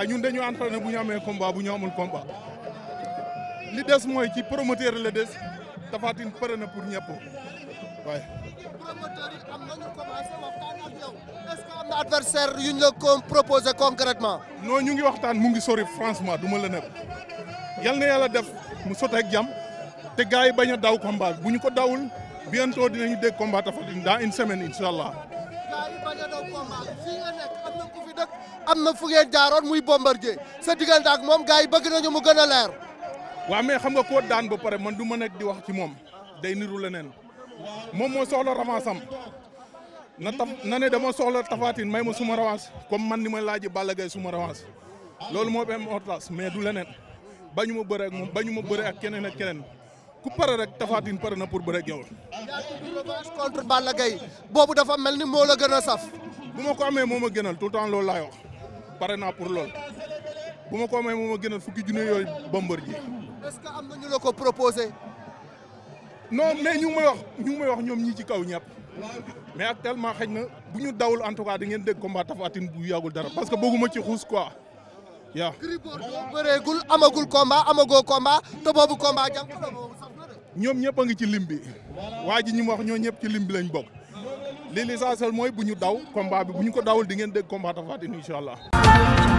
waaw ñun dañu entraîné bu ñu amee combat bu ñu amul combat li des mooy ci promoteur la des Tapha Tine pare na pour ñëpp waaye. promoteur que am na adversaire yu ñu la ko proposé noo ñu ngi waxtaan mu ngi sori franchement du ma la nëb yal na yàlla def mu soteeg jàmm te gars yi bañ a daw combat bu ñu ko dawul bientôt dinañu dégg combat Tapha Tine dans une semaine incha allah. gars yi bañ a daw combat ku fi dëkk. am na fu ngeen jaaroon muy bombardier sa diggante ak moom gars yi bëgg nañu mu gën a leer. waaw mais xam nga koo daan ba pare man du ma nekk di wax ci moom day niru leneen moom moo soxla revanche am na taf na ne dama soxla tafaatin may ma suma revanche comme man ni ma laaj Balla suma revanche loolu moo am ortas mais du leneen bañu ma bëre ak moom bañu ma bëre ak keneen ak keneen ku pare rek tafaatin pare na pour bëre ak yow. yaa tudd revanche contre Balla boobu dafa mel ni moo la gën a saf. bu ma ko amee moo ma gënal tout le temps loolu laay pare naa pour lool bu ma ko may moom a gënal fukki junne yooyu Bombardier est-ce que am na ñu la ko proposé. non mais ñu ma may wax ñu ngi may wax ñoom ñii ci kaw ñëpp mais actuellement xëy na bu ñu dawul en tout cas da ngeen dégg combat Tapha bu yàggul dara parce que bëgguma ci xuus quoi yaa. Gris Bordeaux bëreegul amagul combat amagoo combat te boobu combat jàng ñoom ñëpp a ngi ci lim bi waa ji ñi mu wax ñoo ñëpp ci lim bi lañ bokk. li l'essentiel mooy bu ñu daw combat bi bu ñu ko dawul di ngeen dégg combat Tapha Tine incha allah.